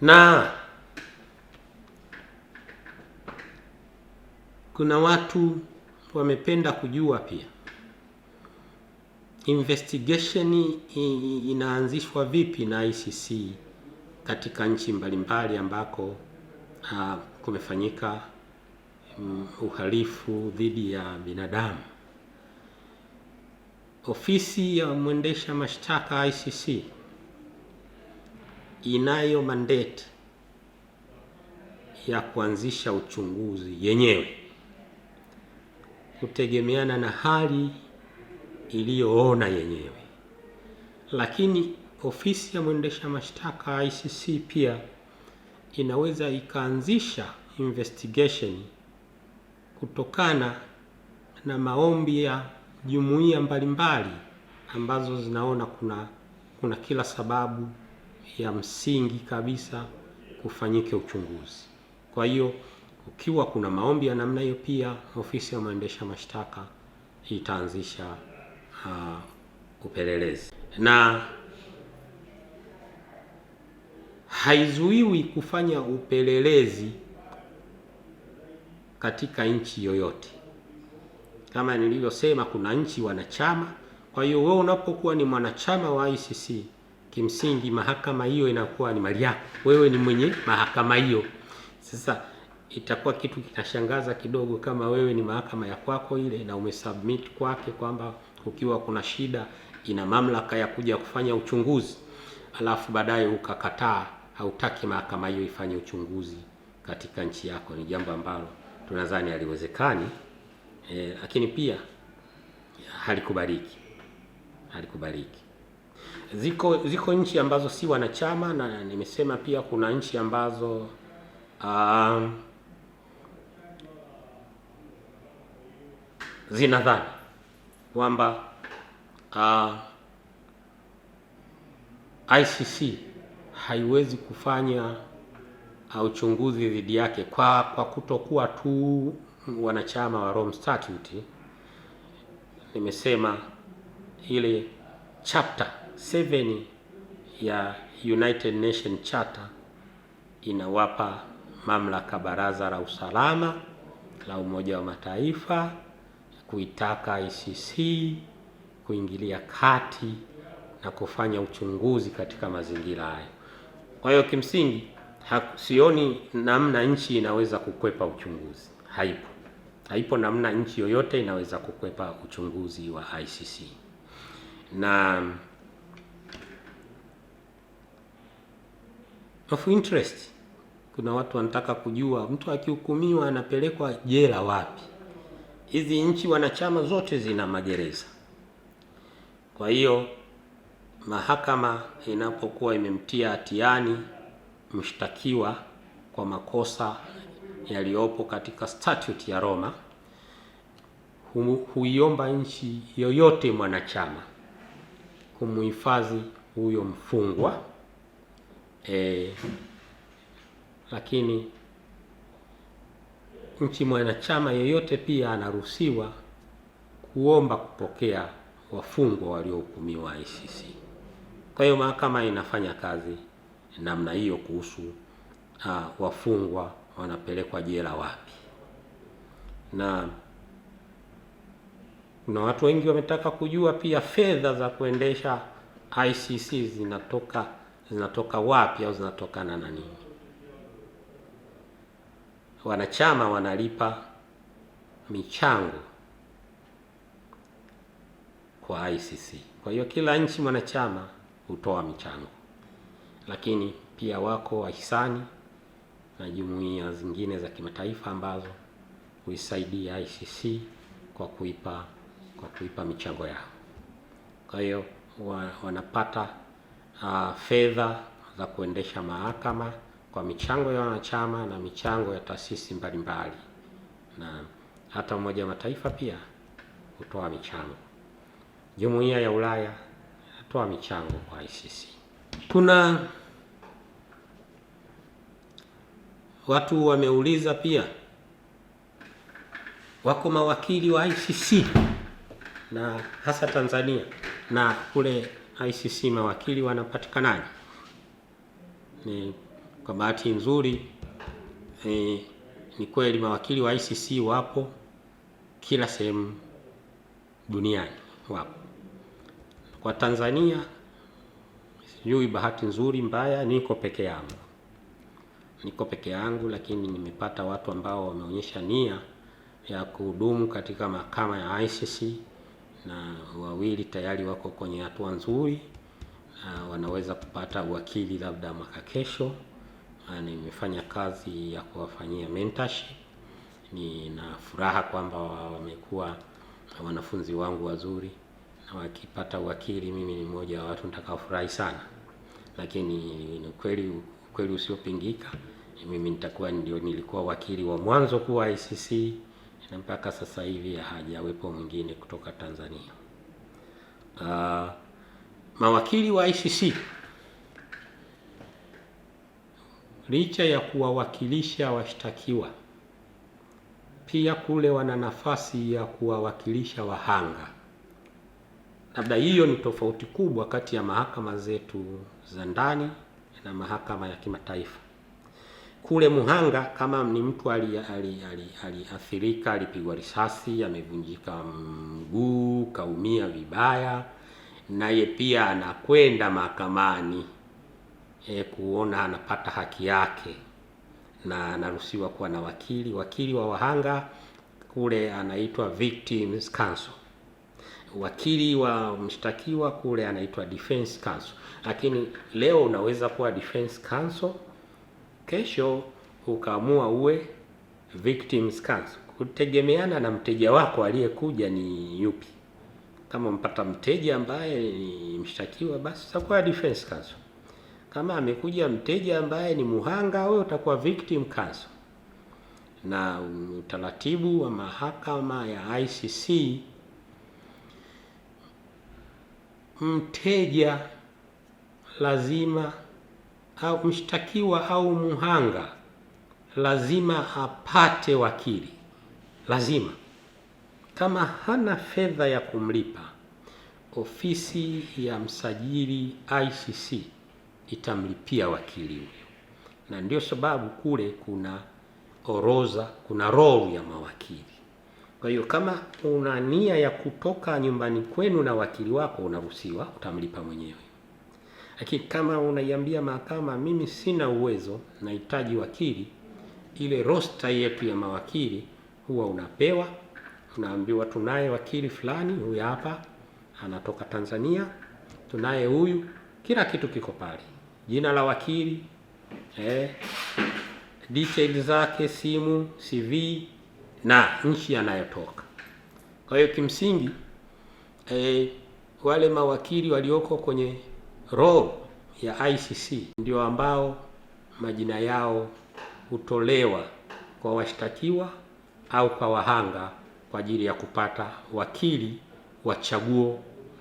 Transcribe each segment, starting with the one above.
na kuna watu wamependa kujua pia investigation inaanzishwa vipi na ICC katika nchi mbalimbali ambako uh, kumefanyika mm, uhalifu dhidi ya binadamu. Ofisi ya mwendesha mashtaka ICC inayo mandate ya kuanzisha uchunguzi yenyewe kutegemeana na hali iliyoona yenyewe, lakini ofisi ya mwendesha mashtaka ICC pia inaweza ikaanzisha investigation kutokana na maombi ya jumuiya mbalimbali ambazo zinaona kuna kuna kila sababu ya msingi kabisa kufanyike uchunguzi. Kwa hiyo ukiwa kuna maombi ya namna hiyo, pia ofisi ya mwendesha mashtaka itaanzisha uh, upelelezi na haizuiwi kufanya upelelezi katika nchi yoyote. Kama nilivyosema, kuna nchi wanachama. Kwa hiyo wewe unapokuwa ni mwanachama wa ICC kimsingi mahakama hiyo inakuwa ni mali yako, wewe ni mwenye mahakama hiyo. Sasa itakuwa kitu kinashangaza kidogo kama wewe ni mahakama ya kwako ile na umesubmit kwake kwamba ukiwa kuna shida ina mamlaka ya kuja kufanya uchunguzi, alafu baadaye ukakataa, hautaki mahakama hiyo ifanye uchunguzi katika nchi yako, ni jambo ambalo tunadhani haliwezekani, eh, lakini e, pia halikubariki, halikubariki. Ziko, ziko nchi ambazo si wanachama na nimesema pia kuna nchi ambazo um, zinadhani kwamba uh, ICC haiwezi kufanya uh, uchunguzi dhidi yake kwa, kwa kutokuwa tu wanachama wa Rome Statute. Nimesema ile chapter 7 ya United Nation Charter inawapa mamlaka Baraza la Usalama la Umoja wa Mataifa kuitaka ICC kuingilia kati na kufanya uchunguzi katika mazingira hayo. Kwa hiyo kimsingi sioni namna nchi inaweza kukwepa uchunguzi, haipo haipo namna nchi yoyote inaweza kukwepa uchunguzi wa ICC na of interest. Kuna watu wanataka kujua mtu akihukumiwa anapelekwa jela wapi. Hizi nchi wanachama zote zina magereza. Kwa hiyo mahakama inapokuwa imemtia hatiani mshtakiwa kwa makosa yaliyopo katika statute ya Roma, huiomba nchi yoyote mwanachama kumhifadhi huyo mfungwa eh, lakini nchi mwanachama yeyote pia anaruhusiwa kuomba kupokea wafungwa waliohukumiwa ICC. Kwa hiyo mahakama inafanya kazi namna hiyo kuhusu uh, wafungwa wanapelekwa jela wapi, na kuna watu wengi wametaka kujua pia fedha za kuendesha ICC zinatoka zinatoka wapi au zinatokana na nini? Wanachama wanalipa michango kwa ICC. Kwa hiyo kila nchi mwanachama hutoa michango, lakini pia wako wahisani na jumuiya zingine za kimataifa ambazo huisaidia ICC kwa kuipa kwa kuipa michango yao. Kwa hiyo wanapata uh, fedha za kuendesha mahakama kwa michango ya wanachama na michango ya taasisi mbalimbali, na hata Umoja wa Mataifa pia hutoa michango. Jumuiya ya Ulaya hutoa michango kwa ICC. Kuna watu wameuliza pia, wako mawakili wa ICC na hasa Tanzania na kule ICC mawakili wanapatikanaje? Ni kwa bahati nzuri eh, ni kweli mawakili wa ICC wapo kila sehemu duniani wapo. Kwa Tanzania sijui bahati nzuri mbaya, niko peke yangu, niko peke yangu, lakini nimepata watu ambao wameonyesha nia ya kuhudumu katika mahakama ya ICC na wawili tayari wako kwenye hatua nzuri na wanaweza kupata wakili labda mwaka kesho. Nimefanya kazi ya kuwafanyia mentorship. Nina furaha kwamba wamekuwa wanafunzi wangu wazuri, na wakipata wakili mimi ni mmoja wa watu nitakaofurahi sana, lakini ni kweli kweli usiopingika, mimi nitakuwa ndio nilikuwa wakili wa mwanzo kuwa ICC na mpaka sasa hivi hajawepo mwingine kutoka Tanzania. Uh, mawakili wa ICC licha ya kuwawakilisha washtakiwa pia kule wana nafasi ya kuwawakilisha wahanga. Labda hiyo ni tofauti kubwa kati ya mahakama zetu za ndani na mahakama ya kimataifa kule Muhanga, kama ni mtu aliathirika, alipigwa risasi, amevunjika mguu, kaumia vibaya, naye pia anakwenda mahakamani e, kuona anapata haki yake, na anaruhusiwa kuwa na wakili. Wakili wa wahanga kule anaitwa Victims Counsel. Wakili wa mshtakiwa kule anaitwa Defense Counsel. Lakini leo unaweza kuwa Defense Counsel kesho ukaamua uwe victims counsel, kutegemeana na mteja wako aliyekuja ni yupi. Kama mpata mteja ambaye ni mshtakiwa, basi utakuwa defense counsel. Kama amekuja mteja ambaye ni muhanga, wewe utakuwa victim counsel. Na utaratibu wa mahakama ya ICC, mteja lazima au mshtakiwa au mhanga lazima apate wakili, lazima. Kama hana fedha ya kumlipa, ofisi ya msajili ICC itamlipia wakili huyo, na ndio sababu kule kuna orodha, kuna rolu ya mawakili. Kwa hiyo kama una nia ya kutoka nyumbani kwenu na wakili wako, unaruhusiwa, utamlipa mwenyewe. Lakini kama unaiambia mahakama, mimi sina uwezo, nahitaji wakili, ile rosta yetu ya mawakili huwa unapewa, unaambiwa tunaye wakili fulani, huyu hapa anatoka Tanzania, tunaye huyu, kila kitu kiko pale, jina la wakili eh, details zake, simu, CV na nchi anayotoka. Kwa hiyo kimsingi eh, wale mawakili walioko kwenye robo ya ICC ndio ambao majina yao hutolewa kwa washtakiwa au kwa wahanga kwa ajili ya kupata wakili wa chaguo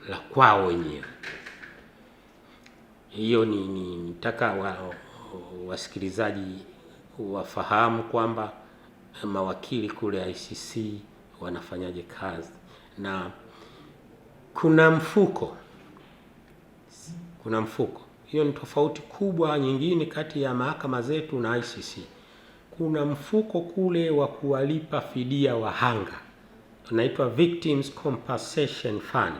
la kwao wenyewe. Hiyo ni nitaka wa, wasikilizaji wafahamu kwamba mawakili kule ICC wanafanyaje kazi na kuna mfuko kuna mfuko. Hiyo ni tofauti kubwa nyingine kati ya mahakama zetu na ICC. Kuna mfuko kule wa kuwalipa fidia wahanga, unaitwa Victims Compensation Fund,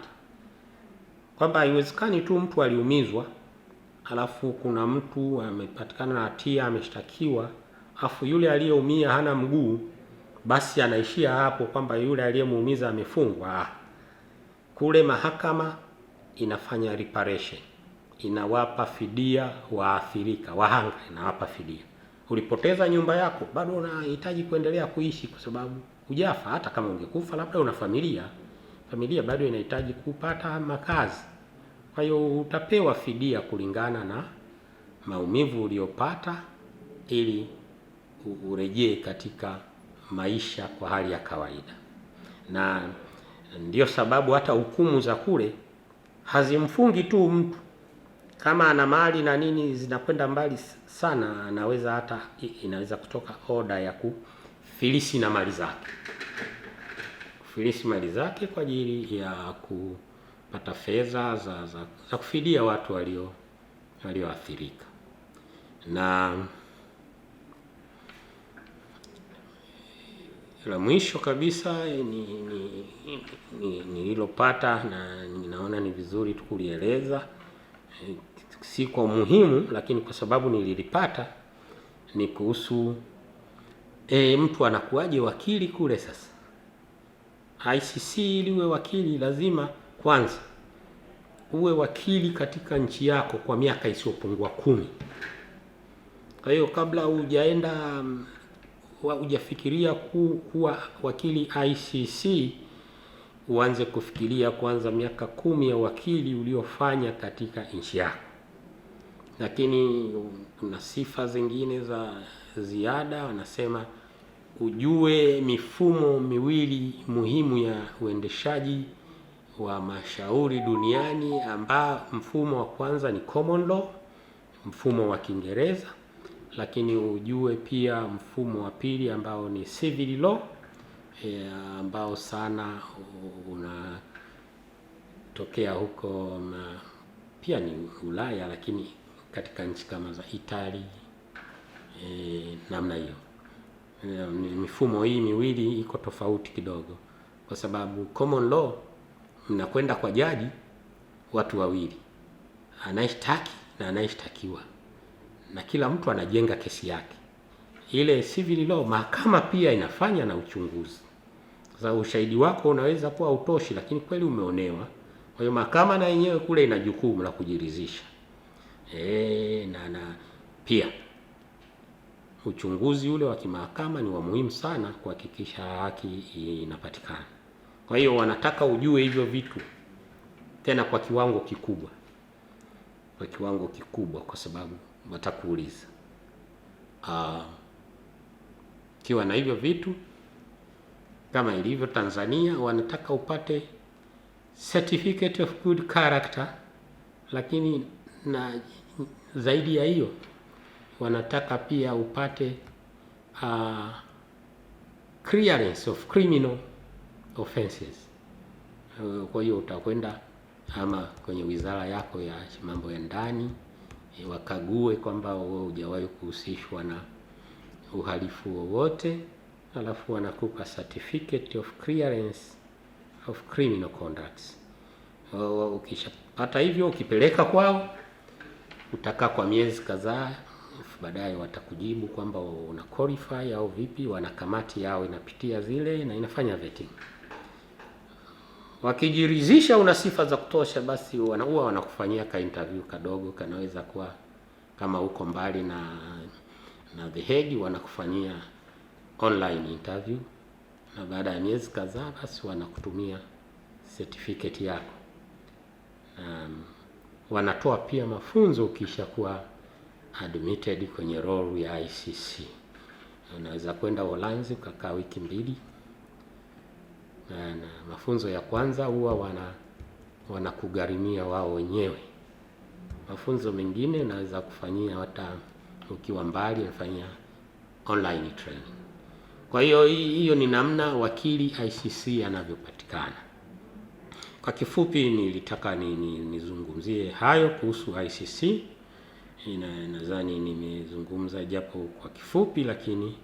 kwamba haiwezekani tu mtu aliumizwa alafu kuna mtu amepatikana na hatia ameshtakiwa, afu yule aliyeumia hana mguu, basi anaishia hapo kwamba yule aliyemuumiza amefungwa. Kule mahakama inafanya reparation inawapa fidia waathirika, wahanga inawapa fidia. Ulipoteza nyumba yako, bado unahitaji kuendelea kuishi kwa sababu hujafa. Hata kama ungekufa, labda una familia, familia bado inahitaji kupata makazi. Kwa hiyo utapewa fidia kulingana na maumivu uliyopata, ili urejee katika maisha kwa hali ya kawaida. Na ndio sababu hata hukumu za kule hazimfungi tu mtu kama ana mali na nini zinakwenda mbali sana, anaweza hata inaweza kutoka oda ya kufilisi na mali zake, kufilisi mali zake kwa ajili ya kupata fedha za, za, za kufidia watu walio walioathirika na la mwisho kabisa nililopata ni, ni, ni, ni na ninaona ni vizuri tu kulieleza si kwa umuhimu, lakini kwa sababu nililipata ni kuhusu e, mtu anakuwaje wakili kule. Sasa ICC ili uwe wakili lazima kwanza uwe wakili katika nchi yako kwa miaka isiyopungua kumi. Kwa hiyo kabla hujaenda mm, hujafikiria ku, kuwa wakili ICC uanze kufikiria kwanza miaka kumi ya wakili uliofanya katika nchi yako. Lakini kuna sifa zingine za ziada, wanasema ujue mifumo miwili muhimu ya uendeshaji wa mashauri duniani, ambao mfumo wa kwanza ni common law, mfumo wa Kiingereza, lakini ujue pia mfumo wa pili ambao ni civil law Eh, ambao sana unatokea huko na pia ni Ulaya, lakini katika nchi kama za Itali e, eh, namna hiyo e, mifumo hii miwili iko tofauti kidogo, kwa sababu common law mnakwenda kwa jaji, watu wawili, anayeshtaki na anayeshtakiwa, na kila mtu anajenga kesi yake. Ile civil law mahakama pia inafanya na uchunguzi. Sasa ushahidi wako unaweza kuwa utoshi, lakini kweli umeonewa. Kwa hiyo mahakama na yenyewe kule ina jukumu la kujiridhisha e, na, na pia uchunguzi ule wa kimahakama ni wa muhimu sana kuhakikisha haki inapatikana. Kwa hiyo wanataka ujue hivyo vitu tena kwa kiwango kikubwa, kwa kiwango kikubwa, kwa sababu watakuuliza. Ah, ukiwa kiwa na hivyo vitu kama ilivyo Tanzania, wanataka upate certificate of good character, lakini na zaidi ya hiyo wanataka pia upate uh, clearance of criminal offenses. Uh, kwa hiyo utakwenda ama kwenye wizara yako ya mambo ya ndani e, wakague kwamba wewe hujawahi kuhusishwa na uhalifu wowote alafu wanakupa certificate of clearance of criminal conducts. Ukisha hata hivyo, ukipeleka kwao utakaa kwa miezi kadhaa, baadaye watakujibu kwamba una qualify au vipi. Wana kamati yao inapitia zile na inafanya vetting. Wakijiridhisha una sifa za kutosha, basi wanaua wanakufanyia ka interview kadogo, kanaweza kuwa kama uko mbali na na The Hague wanakufanyia online interview, na baada ya miezi kadhaa basi wanakutumia certificate yako Um, wanatoa pia mafunzo ukisha kuwa admitted kwenye role ya ICC. Unaweza kwenda Uholanzi ukakaa wiki mbili, na mafunzo ya kwanza huwa wana wanakugharimia wao wenyewe. Mafunzo mengine unaweza kufanyia hata ukiwa mbali, unafanyia online training. Kwa hiyo hiyo ni namna wakili ICC anavyopatikana. Kwa kifupi, nilitaka nizungumzie ni, nizungumzie hayo kuhusu ICC. Ina, nadhani nimezungumza japo kwa kifupi, lakini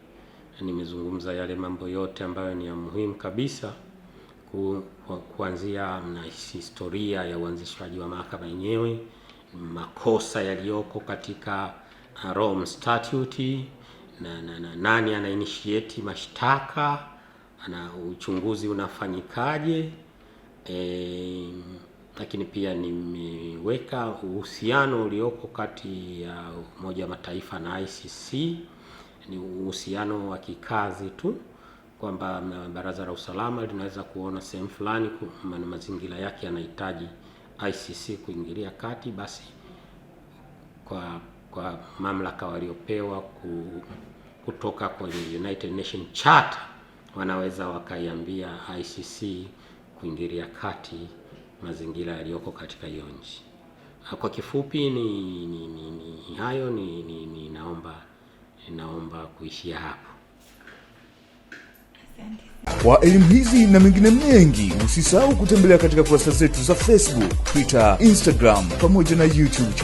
nimezungumza yale mambo yote ambayo ni ya muhimu kabisa ku, ku, kuanzia na historia ya uanzishwaji wa mahakama yenyewe, makosa yaliyoko katika uh, Rome Statute na, na, na nani initiate mashtaka ana uchunguzi unafanyikaje e, lakini pia nimeweka uhusiano ulioko kati ya Umoja wa Mataifa na ICC ni uhusiano wa kikazi tu kwamba Baraza la Usalama linaweza kuona sehemu fulani mazingira yake yanahitaji ICC kuingilia kati, basi kwa kwa mamlaka waliopewa kutoka kwenye United Nations Charter, wanaweza wakaiambia ICC kuingilia kati mazingira yaliyoko katika hiyo nchi. Ah, kwa kifupi ni, ni, ni, ni hayo ni, ni, ni naomba naomba kuishia hapo. Kwa elimu hizi na mengine mengi, usisahau kutembelea katika kurasa zetu za Facebook, Twitter, Instagram pamoja na YouTube.